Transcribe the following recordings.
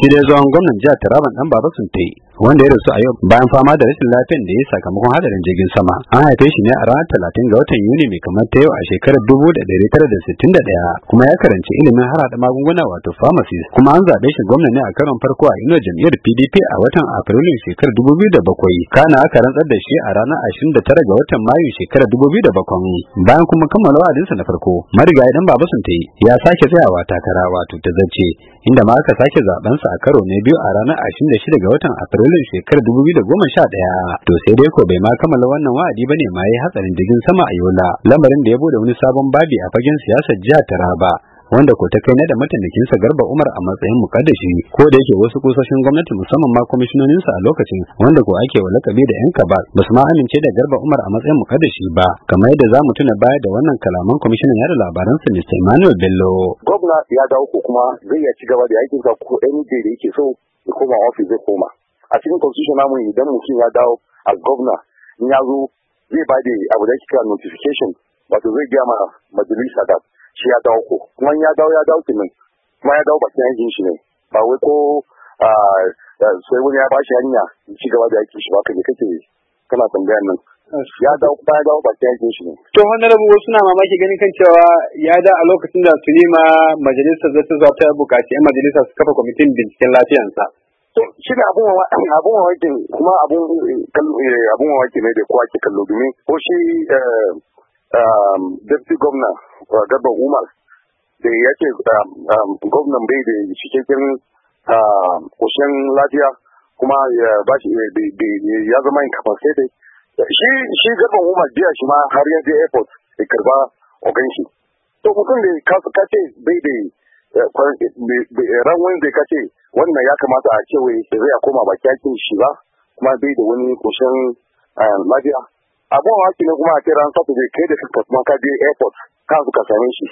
shi dai zuwan gwamnan jihar Taraban dan baba sun ta yi. wanda ya rasu a yau bayan fama da rashin lafiyan da ya sakamakon hadarin jirgin sama an haife shi ne a ranar talatin ga watan Yuni mai kamar ta yau a shekarar dubu da ɗari tara da sittin da ɗaya kuma ya karanci ilimin harhaɗa magunguna wato pharmacist kuma an zaɓe shi gwamna ne a karon farko a ino jam'iyyar PDP a watan Afrilun shekarar dubu biyu da bakwai kana aka rantsar da shi a ranar ashirin da tara ga watan Mayu shekarar dubu biyu da bakwai bayan kuma kammala wa'adinsa na farko marigayi dan baba sun yi ya sake tsayawa takara wato ta zace inda ma aka sake zaɓensa a karo na biyu a ranar ashirin da shida ga watan Afrilun shekarar dubu biyu da goma sha ɗaya to sai dai ko bai ma kammala wannan wa'adi ba ne ma yayi hatsarin jirgin sama a Yola lamarin da ya bude wani sabon babi a fagen siyasar jihar Taraba wanda ko ta kai na da mataimakinsa Garba Umar a matsayin mukaddashi ko da yake wasu kusoshin gwamnati musamman ma sa a lokacin wanda ko ake wa lakabi da yan ba su ma amince da Garba Umar a matsayin mukaddashi ba kamar yadda za mu tuna baya da wannan kalaman kwamishinan yada sa Mr. Emmanuel Bello. Gwamna ya dawo ko kuma zai ya ci gaba da aikin sa ko ɗan da yake so ya koma ofis zai koma. A cikin constitution namu idan mutum ya dawo a gwamna in ya zo zai ba da abu da kira notification wato zai gaya ma majalisa da shi ya dawo ko kuma ya dawo ya dawo kenan kuma ya dawo sai yin shi ne ba wai ko sai wani ya shi hanya ya ci gaba da yake shi ba kaje kake kana tambayar nan ya dawo kuma ya dawo sai yin shi ne. to honorable wasu na mamaki ganin kan cewa ya da a lokacin da su nema majalisar zata zuwa ta bukaci yan majalisar su kafa kwamitin binciken lafiyansa. to shi ne abun abun mamaki kuma abun eh, abun mamaki ne da kowa ke kallo domin ko shi eh, eh, deputy governor Garba Umar da ya ce um, um, gwamnan bai da cikakken kusan um, lafiya kuma ya ba shi ya zama incapacitated shi shi Garba Umar biya shi ma har ya je airport ya karba ogan shi to mutum da ka ce bai da eh, ran da ka ce wannan ya kamata a cewa zai koma baki kyakin shi ba kuma bai da wani kusan eh, lafiya abuwa wakilin ne kuma a kira an sata kai da kuma ka je airport kansu ka same shi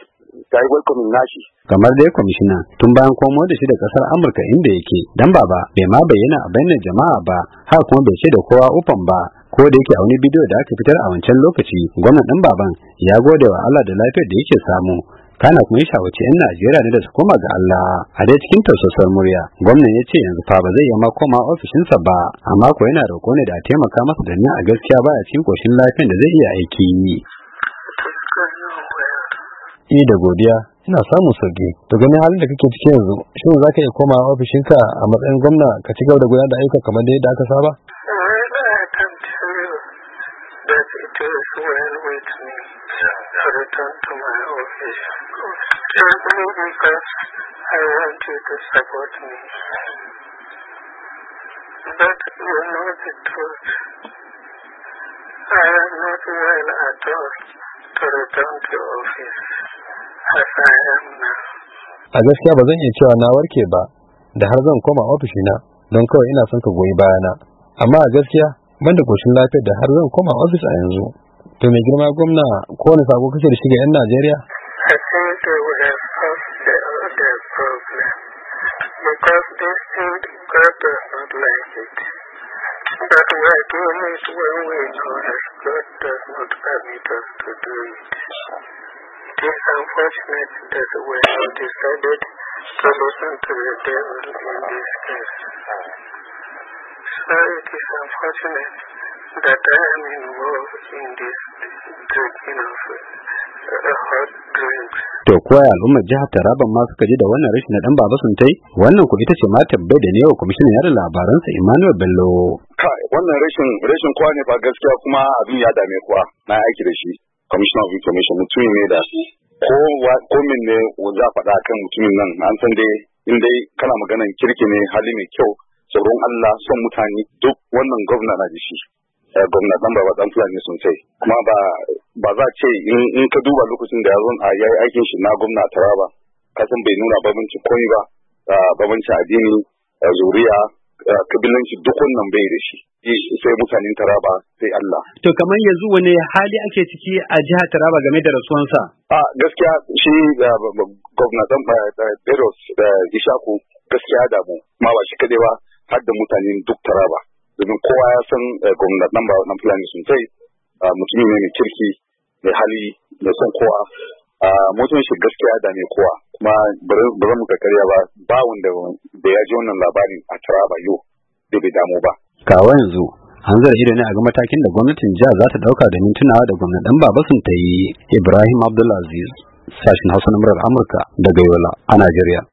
ta yi welcoming nashi kamar dai kwamishina tun bayan komo da shi da kasar amurka inda yake dan baba bai ma bayyana a bayyana jama'a ba har kuma bai ce da kowa ufan ba ko da yake a wani bidiyo da aka fitar a wancan lokaci gwamnan dan baban ya gode wa Allah da lafiyar da yake samu kana kuma ya shawarci 'yan Najeriya ne da su koma ga Allah a dai cikin tausasar murya gwamnan ya ce yanzu fa ba zai yi ma koma ofishinsa ba amma ko yana roƙo ne da a taimaka masa da a gaskiya ba a cikin koshin lafiyar da zai iya aiki yi eh, da godiya ina samun sauki to ganin halin da kake ciki yanzu shin za ka iya koma ofishinka a matsayin gwamna ka ci gaba da gudanar da ayyuka kamar da yadda aka saba I am not well at all to return to office. a gaskiya ba zan iya cewa na warke ba da har zan koma ofishina don kawai ina son ka goyi bayana amma a gaskiya ban da koshin lafiyar da har zan koma ofis a yanzu to mai girma gwamna ko wani sako kake da shiga yan najeriya Because this thing, not to do it. It is unfortunate that we have decided to listen to the devil in this case. So it is unfortunate that I am involved in this drinking of hot drinks. To koya al'ummar jihar Taraba ma suka ji da wannan rashin na ɗan baba sun tai wannan ku ita ce ma tabbai da newa kwamishinan yada labaransa Emmanuel Bello. Kai wannan rashin rashin kowa ne ba gaskiya kuma abin ya dame kowa na aiki da shi. commissioner of information mutumin ne da ko min ne za a faɗa kan mutumin nan an san dai inda kana maganan kirki ne hali mai kyau tsoron Allah son mutane duk wannan gwamna na da shi eh, gwamna dan ba dan fulani sun sai kuma ba ba za ce in ka duba lokacin da yaron a ah, yayi aikin shi na gwamna tara taraba kasan bai nuna babanci komai ba ah, babanci addini eh, zuriya Eh, kabilanci duk wannan bai da shi sai mutanen taraba sai Allah. To kamar yanzu wani hali ake ciki a jihar taraba game da rasuwansa? A gaskiya shi eh, gwamnatin Beros eh, da Ishaku gaskiya da mu ma ba shi kadai ba har da mutanen duk taraba. Domin kowa ya san gwamnatin ba na Fulani sun sai ah, mutumi ne mai kirki mai hali da son kowa Ah, mutum shi gaskiya da ne kowa kuma ba mu karya ba ba wanda da ya ji wannan labarin a ba, yau da bai damu ba kawo yanzu hanzar ido ne a ga matakin da gwamnatin jihar za ta dauka da mintunawa da gwamnatin sun ta yi ibrahim abdulaziz sashen hausa na murar amurka daga yola a najeriya